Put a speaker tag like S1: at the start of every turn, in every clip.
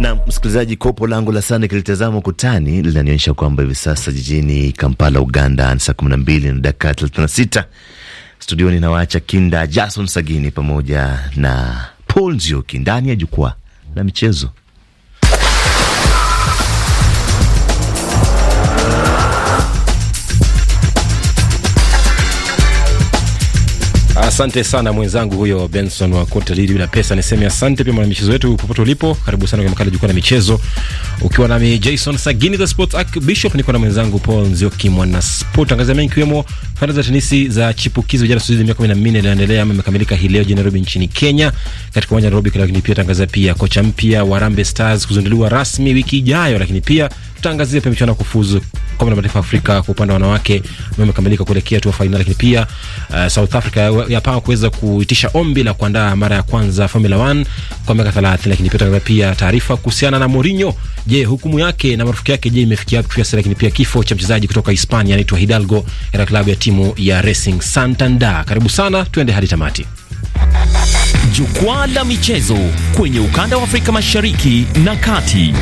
S1: Na msikilizaji, kopo langu la sana kilitazama ukutani linanionyesha kwamba hivi sasa jijini Kampala, Uganda ni saa 12 na dakika 36. Studioni nawaacha Kinda Jason Sagini pamoja na Paul Nzioki ndani ya jukwaa la michezo.
S2: Asante sana mwenzangu huyo Benson wa kote lidi bila pesa, niseme asante pia mwanamichezo wetu popote ulipo, karibu sana kwenye makala jukwaa la michezo, ukiwa nami Jason Sagini the Sports Archbishop, niko na mwenzangu Paul Nzioki mwana sport. Angazia mengi ikiwemo kanda za tenisi za chipukizi vijana Suzuki miaka kumi na minne inaendelea ama imekamilika hii leo jijini Nairobi nchini Kenya katika uwanja wa Nairobi, lakini pia tangaza pia kocha mpya wa Harambee Stars kuzinduliwa rasmi wiki ijayo, lakini pia tutaangazia pia michuano ya kufuzu kombe la mataifa ya Afrika kwa upande wa wanawake ambayo imekamilika kuelekea hatua fainali, lakini pia uh, South Africa yapanga kuweza kuitisha ombi la kuandaa mara ya kwanza Formula 1 kwa miaka 30, lakini pia pia taarifa kuhusiana na Mourinho. Je, hukumu yake na marufuku yake je imefikia wapi kufikia sasa? Lakini pia kifo cha mchezaji kutoka Hispania anaitwa Hidalgo katika klabu ya timu ya Racing Santander. Karibu sana, tuende hadi tamati. Jukwaa la michezo kwenye ukanda wa Afrika Mashariki na Kati.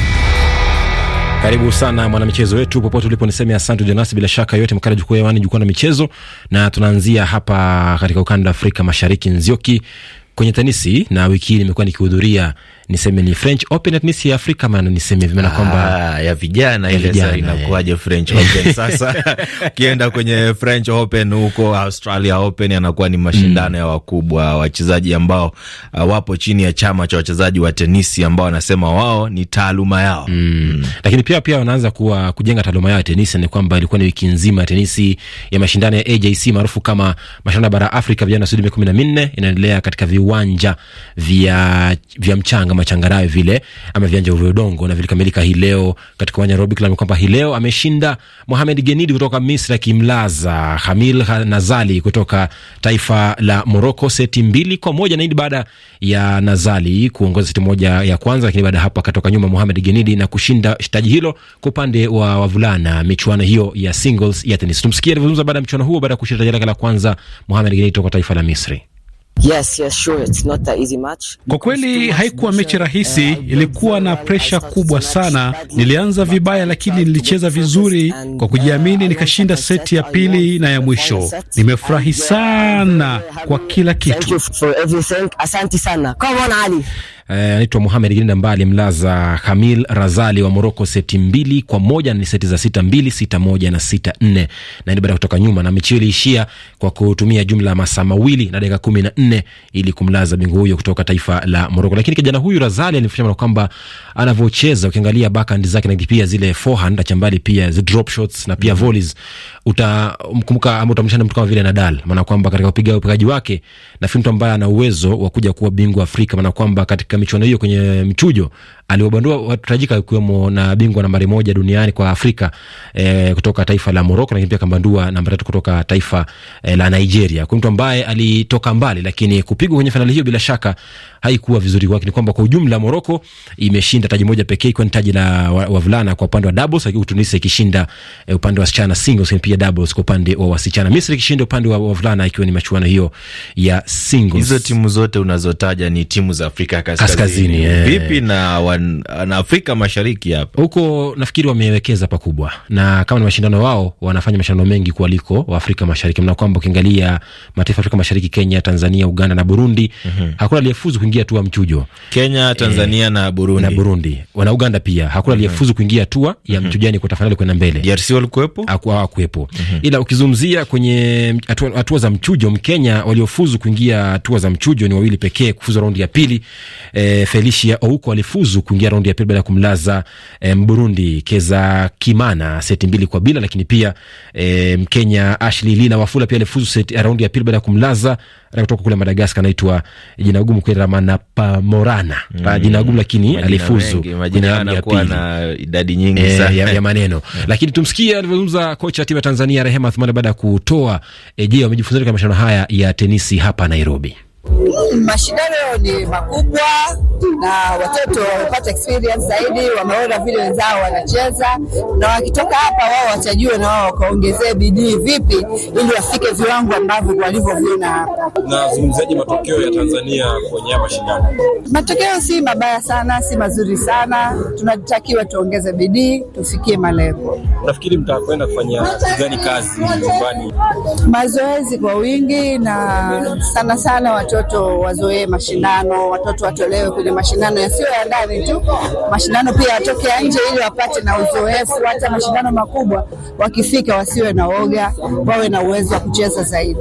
S2: Karibu sana mwanamichezo wetu popote ulipo, niseme asante Jonas. Bila shaka yote makala jukwaa hewani, jukwaa la michezo, na tunaanzia hapa katika ukanda wa Afrika Mashariki. Nzioki, kwenye tenisi na wiki hii nimekuwa nikihudhuria niseme ni French Open at nisi ya Afrika, maana niseme vimena kwamba ah, ya vijana ile sasa inakuaje eh. French Open sasa
S1: ukienda kwenye French Open huko Australia Open yanakuwa ni mashindano mm. ya wakubwa wachezaji ambao uh, wapo chini ya chama
S2: cha wachezaji wa tenisi ambao wanasema wao ni taaluma yao mm. mm. Lakini pia pia wanaanza kuwa kujenga taaluma yao ya tenisi, ni kwamba ilikuwa ni wiki nzima ya tenisi ya mashindano ya AJC maarufu kama mashindano bara Afrika vijana Sudi 14 inaendelea katika viu viwanja vya vya mchanga machangarawe vile ama viwanja vya udongo na vilikamilika hii leo katika uwanja Nairobi Club, kwamba hii leo ameshinda Mohamed Genidi kutoka Misri akimlaza Hamil Nazali kutoka taifa la Morocco seti mbili kwa moja na hii baada ya Nazali kuongoza seti moja ya kwanza, lakini baada hapo akatoka nyuma Mohamed Genidi na kushinda taji hilo kwa upande wa wavulana michuano hiyo ya singles ya tenis. Tumsikie alivyozungumza baada ya mchuano huo, baada ya kushinda taji lake la kwanza Mohamed Genidi kutoka taifa la Misri. Yes, yes, sure. It's not easy match. Kwa kweli
S1: haikuwa mechi rahisi, uh, ilikuwa na presha kubwa sana. Nilianza vibaya, lakini nilicheza vizuri kwa kujiamini, uh, nikashinda seti ya pili na ya mwisho. Nimefurahi
S2: sana kwa kila kitu. Asante sana. Eh, anaitwa Muhamed Grinda ambaye alimlaza Hamil Razali wa Moroko seti mbili kwa moja, ni seti za sita mbili, sita moja na sita nne, na ni baada ya kutoka nyuma, na mechi hiyo iliishia kwa kutumia jumla ya masaa mawili na dakika kumi na nne ili kumlaza bingwa huyo kutoka taifa la Moroko. Lakini kijana huyu Razali alifanya kwamba anavyocheza, ukiangalia backhand zake na pia zile forehand achambali pia zi drop shots na pia mm-hmm. volleys, utamkumbuka ama utamshana mtu kama vile Nadal, maana kwamba katika upigaji wake na mtu ambaye ana uwezo wa kuja kuwa bingwa Afrika, maana kwamba katika michuano hiyo kwenye mchujo aliwabandua watu tajika ikiwemo na bingwa nambari moja duniani kwa Afrika e, kutoka taifa la Moroko, lakini pia kambandua nambari tatu kutoka taifa e, la Nigeria. Kwa mtu ambaye alitoka mbali, lakini kupigwa kwenye fainali hiyo bila shaka haikuwa vizuri kwake. Ni kwamba kwa ujumla Moroko imeshinda taji moja pekee, ikiwa ni taji la wavulana kwa upande wa doubles, lakini Tunisia ikishinda e, upande wa wasichana singles, pia doubles kwa upande wa wasichana, Misri ikishinda upande wa wavulana, ikiwa ni machuano hiyo ya singles. Hizo
S1: timu zote unazotaja ni timu za Afrika kaskazini kaskazini, kaskazini eh. vipi Na, wan, na Afrika Mashariki hapa
S2: huko nafikiri wamewekeza pakubwa, na kama ni mashindano wao wanafanya mashindano mengi kuliko wa Afrika Mashariki, mna kwamba ukiangalia mataifa Afrika Mashariki, Kenya, Tanzania, Uganda na Burundi mm -hmm. hakuna aliyefuzu kuingia tu mchujo.
S1: Kenya, eh, Tanzania eh, na Burundi na Burundi
S2: wana Uganda pia hakuna mhm. aliyefuzu mm -hmm. kuingia tu ya mhm. mchujani kwa tafadhali kwenda mbele. DRC walikuwepo hawakuwepo, mm -hmm. ila ukizungumzia kwenye hatua za mchujo, Mkenya waliofuzu kuingia hatua za mchujo ni wawili pekee kufuzu raundi ya pili e, Felicia Ouko alifuzu kuingia raundi ya pili baada ya kumlaza e, Mburundi Keza Kimana seti mbili kwa bila, lakini pia e, Mkenya Ashley Lila Wafula pia alifuzu seti ya raundi ya pili baada ya kumlaza kutoka kule Madagaskar anaitwa jina gumu kwenda Pamorana mm. Ah, jina gumu lakini alifuzu
S1: na idadi nyingi e, ya, ya maneno
S2: lakini tumsikie alivyozungumza kocha timu ya Tanzania Rehema Athumani baada ya kutoa e, je, wamejifunza katika mashindano haya ya tenisi hapa Nairobi.
S1: Mashindano ni makubwa na watoto wamepata experience zaidi, wameona vile wenzao wanacheza, na wakitoka hapa wao watajua na wao wakaongezee bidii vipi ili wafike viwango ambavyo walivyoviona hapa.
S2: Na zungumzaji matokeo ya Tanzania kwenye mashindano,
S1: matokeo si mabaya sana, si mazuri sana, tunatakiwa tuongeze bidii tufikie
S2: malengo. Nafikiri mtakwenda kufanya gani kazi nyumbani?
S1: Mazoezi kwa wingi na sana sana watu watoto wazoee mashindano, watoto watolewe kwenye mashindano yasiyo ya ndani tu, mashindano pia watoke nje ili wapate na uzoefu. Hata mashindano makubwa wakifika, wasiwe na woga, wawe na uwezo wa kucheza zaidi.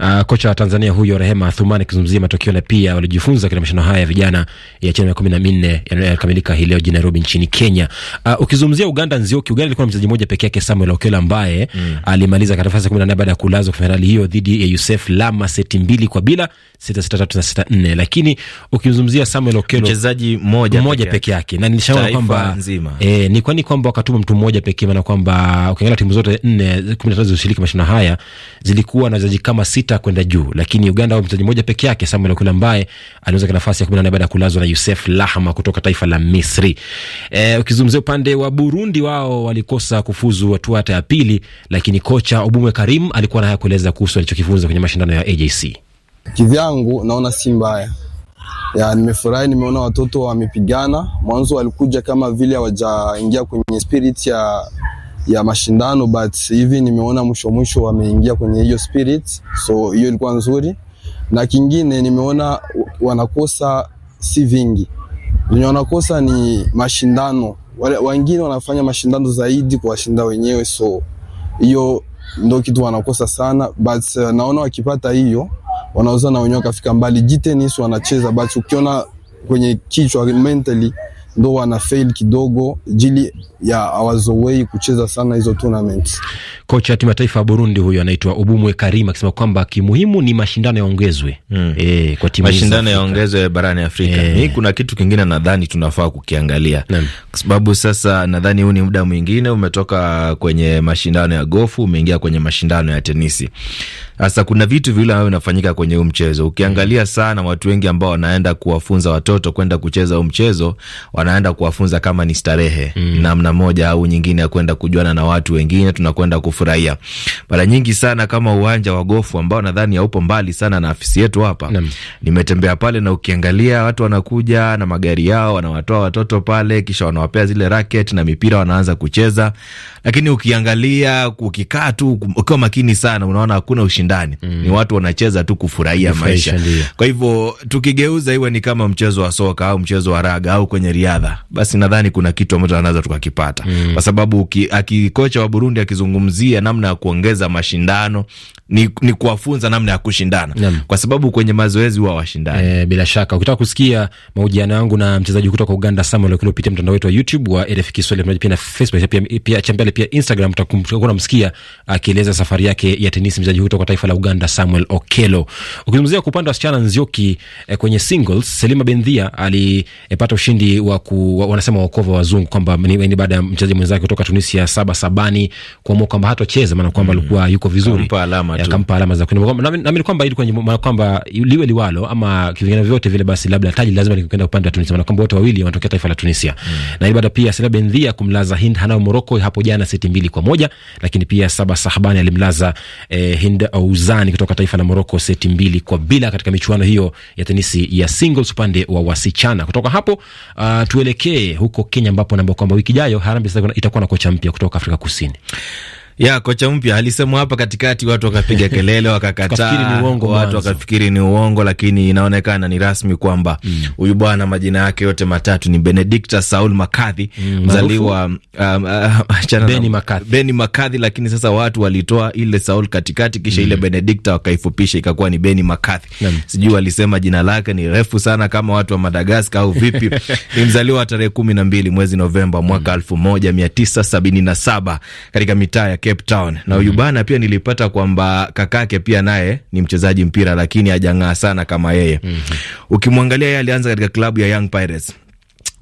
S2: Uh, kocha wa Tanzania huyo Rehema Athumani akizungumzia matokeo na pia walijifunza katika mashindano haya ya vijana ya chini ya kumi na minne yanayokamilika hii leo jijini Nairobi nchini Kenya. Uh, ukizungumzia Uganda, Nzioki, Uganda ilikuwa na mchezaji mmoja pekee yake Samuel Okelo ambaye mm. alimaliza katika nafasi ya kumi na nane baada ya kulazwa kwa fainali hiyo dhidi ya Yusef Lama seti mbili kwa bila 6-3-3 6-4, lakini ukizungumzia Samuel Okelo mchezaji mmoja mmoja peke yake, na nilishaona kwamba e, ni kwani kwamba wakatuma mtu mmoja pekee, maana kwamba ukiangalia timu zote nne 13 zilizoshiriki mashindano haya zilikuwa na wachezaji kama sita kwenda juu, lakini Uganda wao mchezaji mmoja peke yake, Samuel Okelo ambaye aliweza nafasi ya 18 baada ya kulazwa na Youssef Lahma kutoka taifa la Misri. E, ukizungumzia upande wa Burundi, wao walikosa kufuzu hatua hata ya pili, lakini kocha Obume Karim alikuwa na haya kueleza kuhusu alichokifunza kwenye mashindano ya AJC.
S1: Kivyangu naona si mbaya ya, nimefurahi. Nimeona watoto wamepigana, mwanzo walikuja kama vile hawajaingia kwenye spirit ya ya mashindano, but hivi nimeona mwisho mwisho wameingia kwenye hiyo spirit, so hiyo ilikuwa nzuri. Na kingine nimeona wanakosa si vingi, wenye wanakosa ni mashindano, wengine wanafanya mashindano zaidi kuwashinda wenyewe, so hiyo ndo kitu wanakosa sana, but eh, naona wakipata hiyo wanaweza na wenyewe wakafika mbali. Jitenis wanacheza basi, ukiona kwenye kichwa mentally ndo wana fail kidogo jili ya awazowei
S2: kucheza sana hizo tournament. Kocha wa timu ya taifa ya Burundi huyo anaitwa Ubumwe Karim akisema kwamba kimuhimu ni mashindano yaongezwe, mm. E, kwa timu mashindano yaongezwe
S1: barani Afrika. E. Hii kuna kitu kingine nadhani tunafaa kukiangalia kwa sababu sasa nadhani huu ni muda mwingine umetoka kwenye mashindano ya gofu umeingia kwenye mashindano ya tenisi. Sasa kuna vitu vile ambavyo vinafanyika kwenye huu mchezo. Ukiangalia sana watu wengi ambao wanaenda kuwafunza watoto kwenda kucheza huu mchezo, wanaenda kuwafunza kama ni starehe mm. namna moja au nyingine ya kwenda kujuana na watu wengine, tunakwenda kufurahia. Mara nyingi sana kama uwanja wa gofu ambao nadhani haupo mbali sana na afisi yetu hapa. Mm. Nimetembea pale na ukiangalia watu wanakuja na magari yao, wanawatoa watoto pale kisha wanawapea zile racket na mipira wanaanza kucheza. Lakini ukiangalia ukikaa tu ukiwa makini sana unaona hakuna ushindani ushindani mm. Ni watu wanacheza tu kufurahia maisha. Kwa hivyo tukigeuza iwe ni kama mchezo wa soka au mchezo wa raga au kwenye riadha, basi nadhani kuna kitu ambacho anaweza tukakipata mm. Kwa sababu akikocha wa Burundi akizungumzia namna ya kuongeza mashindano ni, ni kuwafunza namna ya kushindana
S2: Nam. Kwa sababu kwenye mazoezi huwa washindani e, bila shaka. Ukitaka kusikia mahojiano yangu na mchezaji kutoka Uganda Samuel Okino, pitia mtandao wetu wa YouTube wa RF Kiswahili pamoja pia na Facebook pia, pia, pia, pia Instagram, utakuwa unamsikia akieleza safari yake ya tenisi mchezaji kutoka taifa la Uganda Samuel Okelo. Ukizungumzia kwa upande wa wasichana Nzioki eh, kwenye singles Selima Bendhia alipata eh, ushindi wa ku, wa, wanasema waokova wazungu kwamba ni baada ya mchezaji mwenzake kutoka Tunisia Saba Sabani kuamua kwamba hatocheza maana kwamba mm. alikuwa mm, yuko vizuri, akampa alama eh, tu, akampa alama za naamini kwamba ili kwenye maana kwamba liwe liwalo ama kivingine vyote vile, basi labda taji lazima likwenda upande wa Tunisia maana kwamba wote wawili wanatokea taifa la Tunisia mm. na ili baada pia Selima Bendhia kumlaza Hind Hanao Moroko hapo jana seti mbili kwa moja, lakini pia Saba Sahabani alimlaza eh, Hind Uzani kutoka taifa la Moroko seti mbili kwa bila katika michuano hiyo ya tenisi ya singles upande wa wasichana. Kutoka hapo uh, tuelekee huko Kenya ambapo naambia kwamba wiki ijayo Harambee itakuwa na kocha mpya kutoka Afrika Kusini
S1: ya kocha mpya alisema hapa katikati, watu wakapiga kelele wakakataa, watu wakafikiri ni uongo, lakini inaonekana ni rasmi kwamba mm. huyu mm. bwana majina yake yote matatu ni Benedikta Saul Makadhi mm. mzaliwa um, uh, um, Beni Makadhi, Beni Makadhi, lakini sasa watu walitoa ile Saul katikati, kisha mm. ile Benedikta wakaifupisha ikakuwa ni Beni Makadhi mm. sijui alisema jina lake ni refu sana kama watu wa Madagaska au vipi? ni mzaliwa tarehe kumi na mbili mwezi Novemba mwaka mm. elfu moja mia tisa sabini na saba katika mitaa ya Cape Town na huyu mhm. bana mm -hmm. Pia nilipata kwamba kakake pia naye ni mchezaji mpira, lakini hajang'aa sana kama yeye mm -hmm. Ukimwangalia yeye alianza katika klabu ya Young Pirates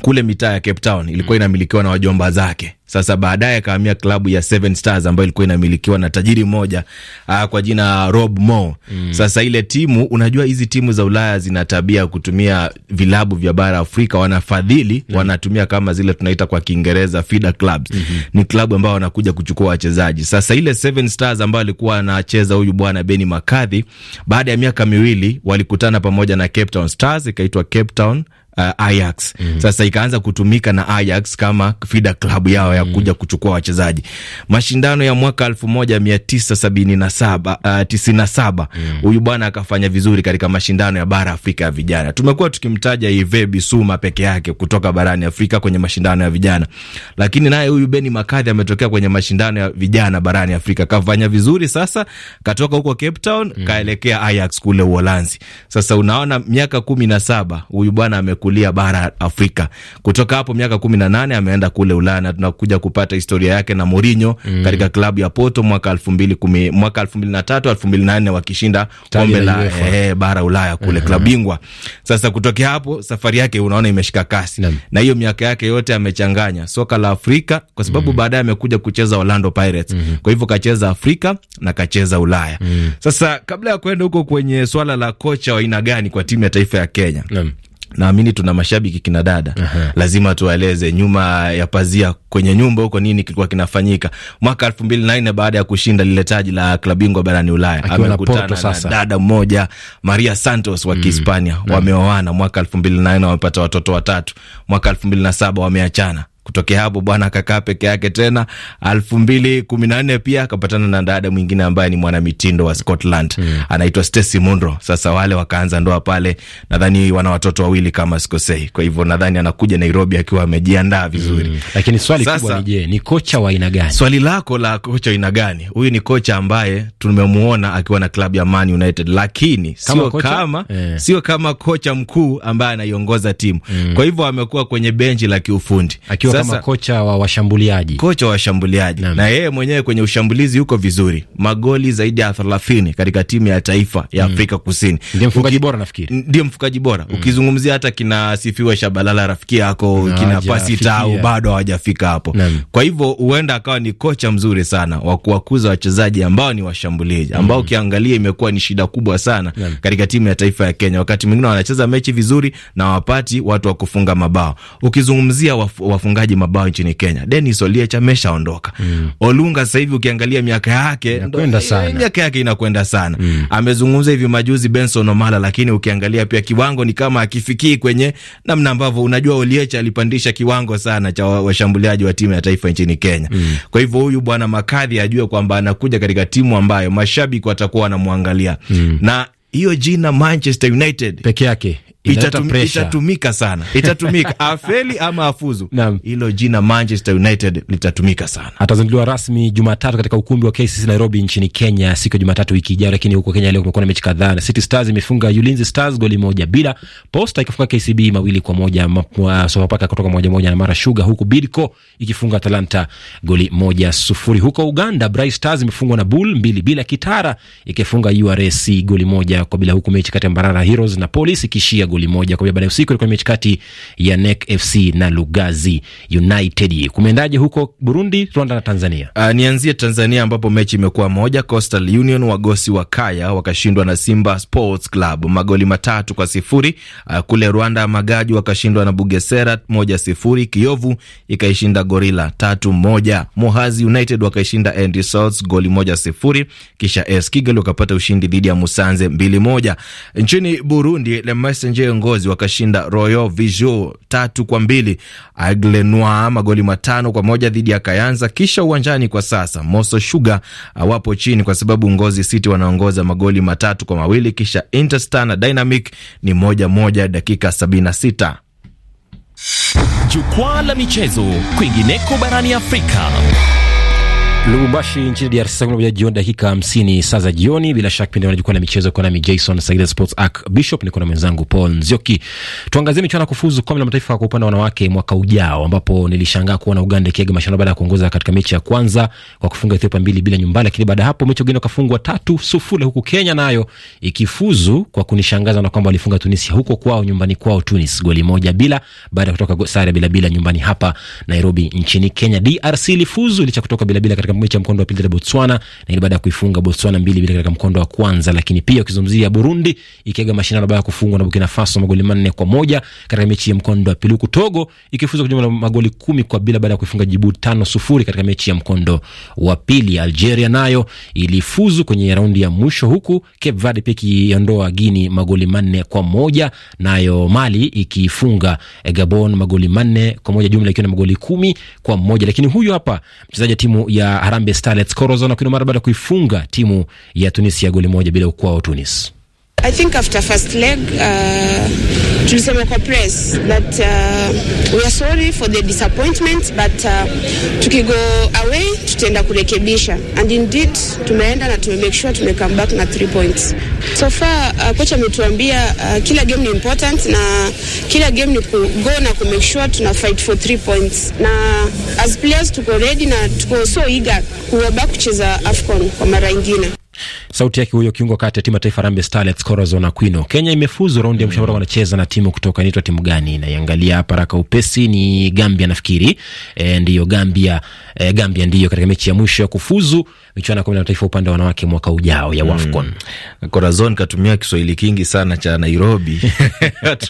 S1: kule mitaa ya Cape Town ilikuwa mm. inamilikiwa na wajomba zake. Sasa baadaye akahamia klabu ya Seven Stars ambayo ilikuwa inamilikiwa na tajiri mmoja aa, ah, kwa jina Rob Moore. Mm. Sasa ile timu, unajua hizi timu za Ulaya zina tabia kutumia vilabu vya bara Afrika, wanafadhili mm. wanatumia kama zile tunaita kwa Kiingereza feeder clubs. Mm -hmm. Ni klabu ambao wanakuja kuchukua wachezaji. Sasa ile Seven Stars ambayo alikuwa anacheza huyu bwana Beni Makadhi, baada ya miaka miwili walikutana pamoja na Cape Town Stars, ikaitwa Cape Town uh, Ajax mm -hmm. Sasa ikaanza kutumika na Ajax kama fida klabu yao ya mm kuja kuchukua wachezaji. Mashindano ya mwaka 1977 uh, 97 mhm. huyu mm -hmm. bwana akafanya vizuri katika mashindano ya bara Afrika ya vijana. Tumekuwa tukimtaja Yves Bissouma peke yake kutoka barani Afrika kwenye mashindano ya vijana, lakini naye huyu Beni Makadhi ametokea kwenye mashindano ya vijana barani Afrika, kafanya vizuri. Sasa katoka huko Cape Town mm -hmm. kaelekea Ajax kule Uholanzi. Sasa unaona miaka 17 huyu bwana ame kulia bara Afrika. Kutoka hapo miaka kumi na nane ameenda kule Ulaya na tunakuja kupata historia yake na Mourinho mm. katika klabu ya Porto mwaka 2010 mwaka na nne wakishinda kombe la eh, bara Ulaya kule uh -huh. klabu bingwa. Sasa kutokea hapo safari yake unaona imeshika kasi Nam. na hiyo miaka yake yote amechanganya soka la Afrika kwa sababu mm. baadaye amekuja kucheza Orlando Pirates mm -hmm. kwa hivyo kacheza Afrika na kacheza Ulaya mm. Sasa kabla ya kwenda huko kwenye swala la kocha wa aina gani kwa timu ya taifa ya Kenya Nam naamini tuna mashabiki kina dada uh-huh. lazima tuwaeleze nyuma ya pazia kwenye nyumba huko nini kilikuwa kinafanyika. Mwaka elfu mbili na nne baada ya kushinda lile taji la klabu bingwa barani Ulaya amekutana na dada mmoja Maria Santos wa mm. Kihispania mm. wameoana mwaka elfu mbili na nne wamepata watoto watatu. Mwaka elfu mbili na saba wameachana Kutokea hapo bwana akakaa peke yake tena. elfu mbili kumi na nne pia akapatana na dada mwingine ambaye ni mwanamitindo wa Scotland mm. anaitwa Stacy Mundro. Sasa wale wakaanza ndoa pale, nadhani wana watoto wawili kama sikosei. Kwa hivyo nadhani anakuja Nairobi akiwa amejiandaa vizuri mm. Lakini swali sasa, kubwa ni
S2: je, ni kocha wa aina
S1: gani? Swali lako la kocha aina gani? Huyu ni kocha ambaye tumemuona akiwa na klabu ya Man United, lakini kama sio kocha? kama, eh. sio kama kocha mkuu ambaye anaiongoza timu mm. Kwa hivyo amekuwa kwenye benchi la kiufundi akiwa akiwa kama
S2: kocha wa washambuliaji, kocha wa
S1: washambuliaji na yeye mwenyewe kwenye ushambulizi yuko vizuri, magoli zaidi ya 30 katika timu ya taifa ya mm. Afrika Kusini. Ndiye mfungaji bora nafikiri, ndiye mfungaji bora mm. Ukizungumzia hata kina Sifiwe Shabalala rafiki yako na kina Pasita au bado hawajafika hapo na. Kwa hivyo huenda akawa ni kocha mzuri sana wa kuwakuza wachezaji ambao ni washambuliaji ambao mm. ukiangalia mm. imekuwa ni shida kubwa sana na. katika timu ya taifa ya Kenya, wakati mwingine wanacheza mechi vizuri na wapati watu wa kufunga mabao. Ukizungumzia wafunga wafungaji mabao nchini Kenya. Dennis Oliech ameshaondoka. Mm. Olunga sasa hivi ukiangalia miaka yake inakwenda sana. Miaka yake inakwenda sana. Mm. Amezungumza hivi majuzi Benson Omala, lakini ukiangalia pia kiwango ni kama akifikii kwenye namna ambavyo unajua Oliech alipandisha kiwango sana cha washambuliaji wa timu ya taifa nchini Kenya. Mm. Kwa hivyo huyu bwana Makadhi ajue kwamba anakuja katika timu ambayo mashabiki watakuwa wanamwangalia. Mm. Na hiyo jina Manchester United peke yake itatumika sana, itatumika afeli
S2: ama afuzu. Hilo jina
S1: Manchester United litatumika sana.
S2: Atazinduliwa rasmi Jumatatu katika ukumbi wa KCC Nairobi nchini Kenya siku ya Jumatatu wiki ijayo. Lakini huko Kenya leo kumekuwa na mechi kadhaa, na City Stars imefunga Ulinzi Stars goli moja bila, Posta ikifunga KCB mawili kwa moja, Sofapaka kutoka moja moja na Mara Shuga, huku Bidco ikifunga Atalanta goli moja sufuri. Huko Uganda Bright Stars imefungwa na Bull mbili bila, Kitara ikifunga URAC goli moja kwa bila, huku mechi kati ya Mbarara Heroes na Police ikishia goli moja kwa baada ya usiku ilikuwa mechi kati ya NEC FC na Lugazi United. Kumeendaje huko Burundi, Rwanda na Tanzania?
S1: Uh, nianzie Tanzania ambapo mechi imekuwa moja. Coastal Union wagosi wa Kaya wakashindwa na Simba Sports Club magoli matatu kwa sifuri. Uh, kule Rwanda Magaji wakashindwa na Bugesera moja sifuri. Kiovu ikaishinda Gorilla tatu moja. Muhazi United wakaishinda End Results goli moja sifuri, kisha AS Kigali wakapata ushindi dhidi ya Musanze mbili moja. Nchini Burundi Le Messenger Nje Ngozi wakashinda Royal Vision tatu kwa mbili, Aigle Noir magoli matano kwa moja dhidi ya Kayanza. Kisha uwanjani kwa sasa Moso Sugar ah, wapo chini kwa sababu Ngozi City wanaongoza magoli matatu kwa mawili, kisha Interstar na Dynamic ni moja moja dakika 76.
S2: Jukwaa la michezo kwingineko barani Afrika. Lubumbashi nchini DRC, saa kumi na moja jioni dakika hamsini saa za jioni. Bila shaka kipindi wanajukwaa na michezo kwa nami Jason Sagida Sports Arc Bishop, niko na mwenzangu Paul Nzioki. Tuangazie michuano ya kufuzu kombe la mataifa kwa upande wa wanawake mwaka ujao, ambapo nilishangaa kuona Uganda ikiaga mashindano baada ya kuongoza katika mechi ya kwanza kwa kufunga Ethiopia mbili bila nyumbani, lakini baada ya hapo mechi wengine wakafungwa tatu sufuri, huku Kenya nayo ikifuzu kwa kunishangaza na kwamba walifunga Tunisia huko kwao nyumbani kwao Tunis goli moja bila baada ya kutoka sare bila bila nyumbani hapa Nairobi nchini Kenya. DRC ilifuzu licha kutoka bila bila katika katika mechi ya mkondo wa pili ya Botswana na ile baada ya kuifunga Botswana mbili bila katika mkondo wa kwanza. Lakini pia ukizungumzia Burundi ikiaga mashindano baada ya kufungwa na Burkina Faso magoli manne kwa moja katika mechi ya mkondo wa pili, huku Togo kwa kujumla magoli kumi kwa bila baada ya kuifunga Djibouti tano sufuri katika mechi ya mkondo wa pili. Algeria nayo ilifuzu kwenye raundi ya mwisho, huku Cape Verde pia ikiondoa Guinea magoli manne kwa moja, nayo Mali ikifunga Gabon magoli manne kwa moja, jumla ikiwa na magoli kumi kwa moja. Lakini huyu hapa mchezaji wa timu ya Harambee Starlets Corazon na mara baada ya kuifunga timu ya Tunisia goli moja bila ukwao Tunis. I think after first leg uh, tulisema kwa press that uh, we are sorry for the disappointment but uh, tukigo away
S1: tutaenda kurekebisha and indeed tumeenda na tume make sure tume come back na three points.
S2: So far uh, kocha ametuambia uh, kila game ni important na kila game ni go na make sure tuna fight for three points, na as players tuko ready na tuko so eager kuwa back kucheza AFCON kwa mara ingine. Sauti yake huyo kiungo kati ya timu ya taifa Harambee Starlets Corazon Aquino. Kenya imefuzu raundi ya mwisho mm. ambapo wanacheza na timu kutoka inaitwa timu gani? Naiangalia hapa haraka upesi, ni Gambia nafikiri. E, ndiyo Gambia, e, Gambia ndiyo katika mechi ya mwisho ya kufuzu michuano ya kombe la mataifa upande wa wanawake mwaka ujao ya hmm. WAFCON. Mm. Corazon katumia Kiswahili kingi sana cha Nairobi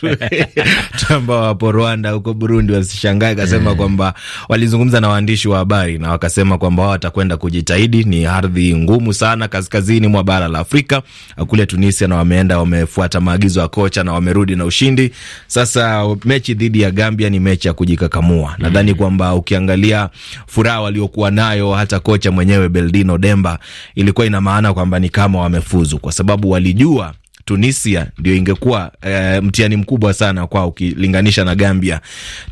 S2: ambao wapo
S1: Rwanda huko Burundi, wasishangae akasema mm. kwamba walizungumza na waandishi wa habari na wakasema kwamba wao watakwenda kujitahidi. Ni ardhi ngumu sana kaskazini mwa bara la Afrika kule Tunisia, na wameenda wamefuata maagizo ya kocha na wamerudi na ushindi. Sasa mechi dhidi ya Gambia ni mechi ya kujikakamua. Nadhani hmm. kwamba ukiangalia furaha waliokuwa nayo hata kocha mwenyewe Beldino Demba ilikuwa ina maana kwamba ni kama wamefuzu, kwa sababu walijua Tunisia ndio ingekuwa e, mtihani mkubwa sana kwao ukilinganisha na Gambia.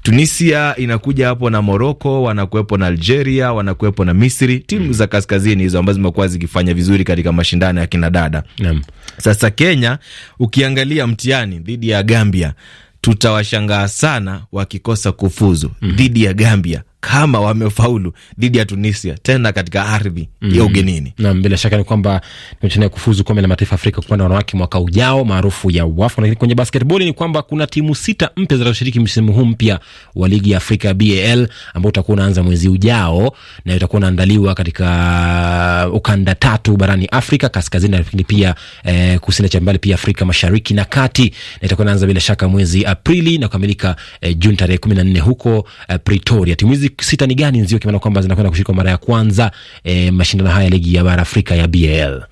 S1: Tunisia inakuja hapo na Moroko, wanakuwepo na Algeria, wanakuwepo na Misri, timu mm. za kaskazini hizo ambazo zimekuwa zikifanya vizuri katika mashindano ya kinadada mm. Sasa Kenya, ukiangalia mtihani dhidi ya Gambia tutawashangaa sana wakikosa kufuzu mm-hmm. dhidi mm -hmm. ya Gambia kama wamefaulu dhidi ya Tunisia
S2: tena katika ardhi mm ya mhm. ugenini. Nam, bila shaka ni kwamba nimechana mchezo kufuzu kombe la mataifa Afrika upande wanawake mwaka ujao maarufu ya WAFCON. Lakini kwenye basketball ni kwamba kuna timu sita mpya zitashiriki msimu huu mpya wa ligi ya Afrika BAL ambao utakuwa unaanza mwezi ujao na utakuwa unaandaliwa katika ukanda tatu barani Afrika kaskazini, lakini pia eh, kusini cha mbali pia Afrika mashariki na kati, na itakuwa inaanza bila shaka mwezi Aprili na kukamilika eh, Juni tarehe 14 huko eh, Pretoria. timu hizi hizi sita ni gani nzio, kimaana kwamba zinakwenda kushiriki mara ya kwanza e, mashindano haya ligi ya bara Afrika ya BAL.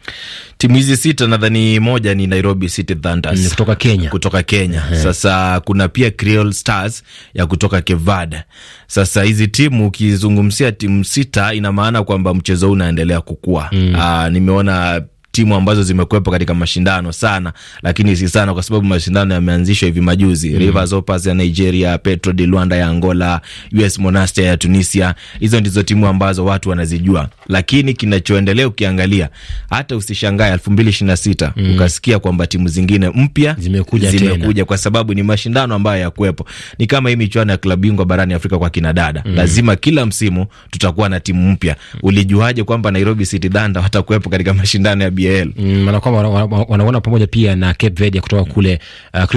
S2: Timu hizi sita nadhani
S1: moja ni Nairobi City Thunders mm, kutoka Kenya, kutoka Kenya. Yeah. Sasa kuna pia Creole Stars ya kutoka Kevada. Sasa hizi timu ukizungumzia timu sita, ina maana kwamba mchezo huu unaendelea kukua. Mm. Aa, ah, nimeona timu ambazo zimekuwepo katika mashindano sana, lakini si sana kwa sababu mashindano yameanzishwa hivi majuzi. Mm. Rivers Hoopers ya Nigeria, Petro de Luanda ya Angola, US Monastir ya Tunisia, hizo ndizo timu ambazo watu wanazijua, lakini kinachoendelea ukiangalia, hata usishangae elfu mbili ishirini na sita mm. ukasikia kwamba timu zingine mpya zimekuja, zimekuja kwa sababu ni mashindano ambayo yakuwepo. Ni kama hii michuano ya klabu bingwa barani Afrika kwa kina dada mm. lazima kila msimu tutakuwa na timu mpya. Mm. Ulijuaje kwamba Nairobi City Danda watakuwepo katika mashindano ya BA EPL
S2: mm, wanakuwa wanaona pamoja pia na Cape Verde kutoka kule uh,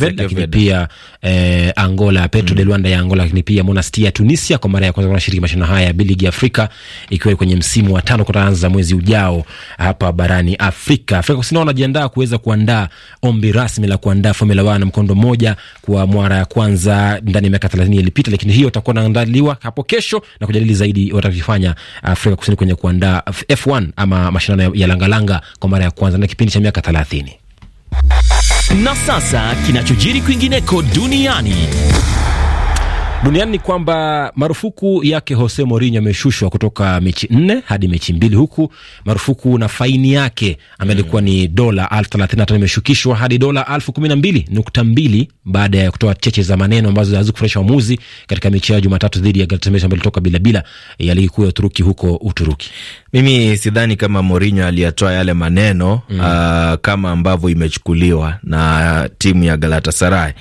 S2: lakini pia eh, Angola Petro mm. de Luanda ya Angola, lakini pia Monastir Tunisia kwa mara ya kwanza wanashiriki mashindano haya ya Biligi Afrika ikiwa kwenye msimu wa tano kutaanza mwezi ujao hapa barani Afrika. Afrika Kusini wanajiandaa kuweza kuandaa ombi rasmi la kuandaa Formula 1 na mkondo moja kwa mara ya kwanza ndani ya miaka 30 iliyopita, lakini hiyo itakuwa inaandaliwa hapo kesho na kujadili zaidi watakifanya Afrika Kusini kwenye kuandaa F1 ama mashindano ya langa langa kwa mara ya kwanza na kipindi cha miaka 30. Na sasa kinachojiri kwingineko duniani duniani ni kwamba marufuku yake Jose Mourinho ameshushwa kutoka mechi nne hadi mechi mbili, huku marufuku na faini yake ambayo ilikuwa ni dola elfu thelathini na tano imeshukishwa hadi dola elfu kumi na mbili nukta mbili baada ya kutoa cheche za maneno ambazo hazikufurahisha waamuzi katika mechi yao Jumatatu dhidi ya Galatasaray ambayo ilitoka bila ya ligi kuu ya Uturuki huko Uturuki.
S1: Mimi sidhani kama Mourinho aliyatoa yale maneno mm, uh, kama ambavyo imechukuliwa na timu ya Galatasaray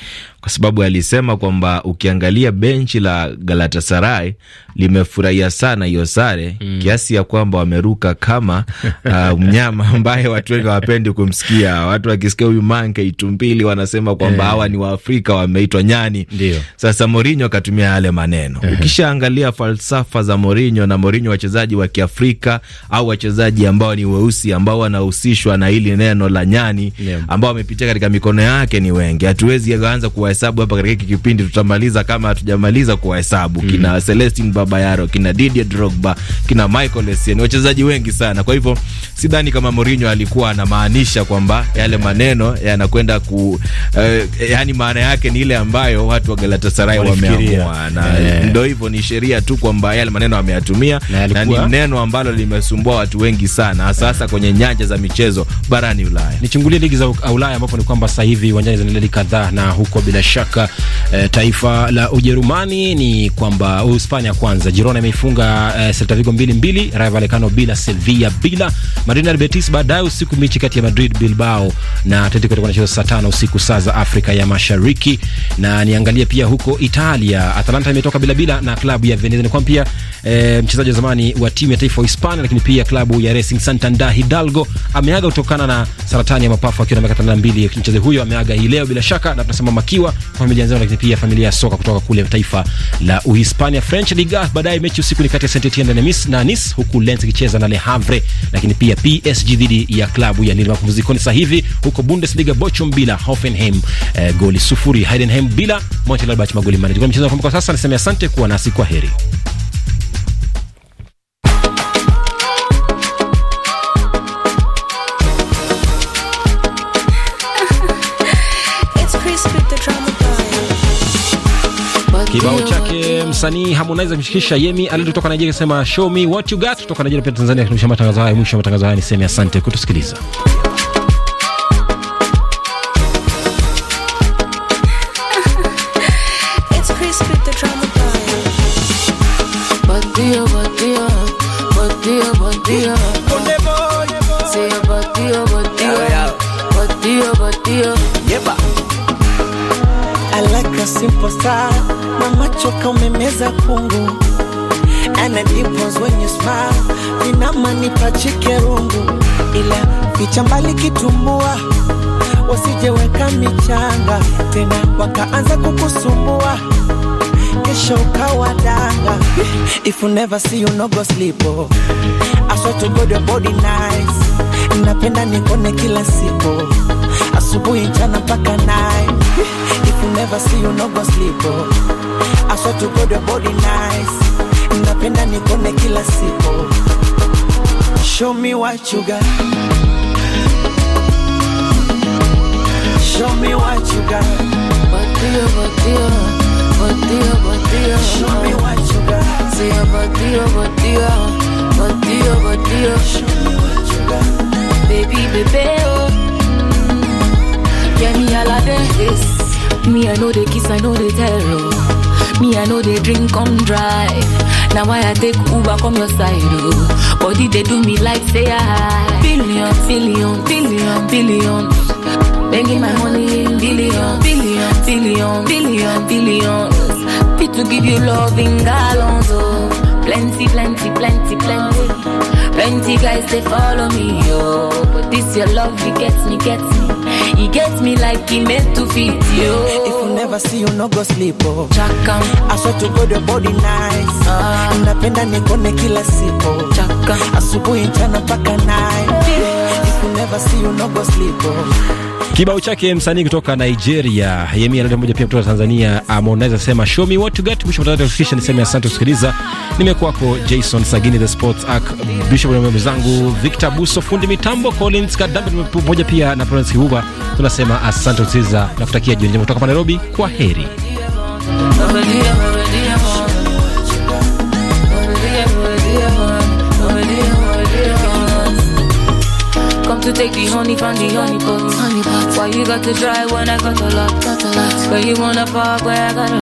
S1: kwa sababu alisema kwamba ukiangalia benchi la Galatasaray limefurahia sana hiyo sare mm, kiasi ya kwamba wameruka kama uh, mnyama ambaye watu wengi hawapendi kumsikia. Watu wakisikia huyu Manke Itumbili wanasema kwamba eh. hawa ni Waafrika wameitwa nyani. Ndiyo. Sasa Mourinho akatumia yale maneno. Eh. Ukishaangalia falsafa za Mourinho na Mourinho, wachezaji wa Kiafrika au wachezaji ambao ni weusi ambao wanahusishwa na hili neno la nyani, ambao wamepitia katika mikono yake ni wengi, hatuwezi anza kuwa kuwahesabu hapa katika hiki kipindi, tutamaliza kama hatujamaliza kuwahesabu mm. kina Celestin Babayaro, kina Didier Drogba, kina Michael Essien, wachezaji wengi sana. Kwa hivyo sidhani kama Mourinho alikuwa anamaanisha kwamba yale maneno yanakwenda ku uh, yani maana yake ni ile ambayo watu wa Galatasaray wameamua, na yeah. ndio hivyo, ni sheria tu kwamba yale maneno ameyatumia na, na ni neno ambalo limesumbua watu wengi sana hasa hasa yeah. kwenye nyanja za michezo barani Ulaya.
S2: Nichungulie ligi za Ulaya ambapo ni kwamba sasa hivi uwanjani zina kadhaa na huko bila shaka e, taifa la Ujerumani ni kwamba Uhispania kwanza, Girona imeifunga e, eh, Celta Vigo mbili mbili, Rayo Vallecano bila, Sevilla bila, Madrid na Betis. Baadaye usiku mechi kati ya Madrid Bilbao na Atletico itakuwa inacheza saa tano usiku saa za Afrika ya Mashariki. Na niangalie pia huko Italia, Atalanta imetoka bila bila na klabu ya Venezia, ni kwamba pia e, mchezaji wa zamani wa timu ya taifa wa Hispania lakini pia klabu ya Racing Santander Hidalgo ameaga kutokana na saratani ya mapafu akiwa na miaka 32. Mchezaji huyo ameaga hii leo bila shaka, na tunasema makiwa familia Wamejianza lakini pia familia ya soka kutoka kule taifa la Uhispania. French Liga, baadaye mechi usiku ni kati ya Saint-Etienne na Nice na Nice, huku Lens ikicheza na Le Havre, lakini pia PSG dhidi ya klabu ya Lille. Mapumzikoni sasa hivi huko Bundesliga, Bochum bila Hoffenheim eh, goli sufuri, Heidenheim bila Mönchengladbach magoli manne. Kwa mchezo wa kwa sasa, nasema asante kuwa nasi, kwa heri. Kibao chake msanii Harmonize akimshikisha Yemi Ali kutoka Nigeria, sema show me what you got. Kutoka Nigeria pia Tanzania, tunashia matangazo haya. Mwisho wa matangazo haya niseme asante kutusikiliza.
S1: Mama choka umemeza kungu And I dimples when you smile pachike rungu Ila ficha mbali kitumbua Wasijeweka michanga Tena wakaanza kukusumbua Kesho ukawa danga If you never see you no go sleep
S2: oh. I swear to God your body nice Napenda nikone kila siku Asubuhi jana mpaka night If you never see you no go sleep
S1: oh. I saw to God your body nice, napenda nikone kila
S2: siku. Show me what you got. Show me what you got. What do
S1: Me, I know they kiss, I know they terror. Me, I know they drink, come drive. Now why I take Uber, come your side, oh. But Body, they do me like say I. Ah, billion, billion, billion, billion. Begging my money in billion, billion, billion, billion, billions. Fit to give you love in gallons, oh. Plenty, plenty, plenty, plenty. Plenty guys, they follow me, oh. But this your love, it gets me, gets me. he gets me like he meant to fit you. If you never see you no go sleep oh. Chaka. I swear to God your body nice. Ah. Napenda nikone kila siku. Chaka. Asubuhi, mchana mpaka night. If you never see you no go sleep oh.
S2: Kibao chake msanii kutoka Nigeria Yemi analeta moja pia kutoka Tanzania Harmonize asema show me what you got. Mwisho matangazo ni sema asante kusikiliza. Nimekuwako Jason Sagini the Sports Arc Bishop na mwenzangu Victor Buso, fundi mitambo Collins Kadambi pamoja pia na Florence Kibuba. Tunasema asante kusikiliza na kutakia jioni njema kutoka Nairobi. Kwa heri.
S1: take the honey from the honey pot. Honey pot. Why you got to try when I got a lot? Got a lot. Where you wanna park where I got a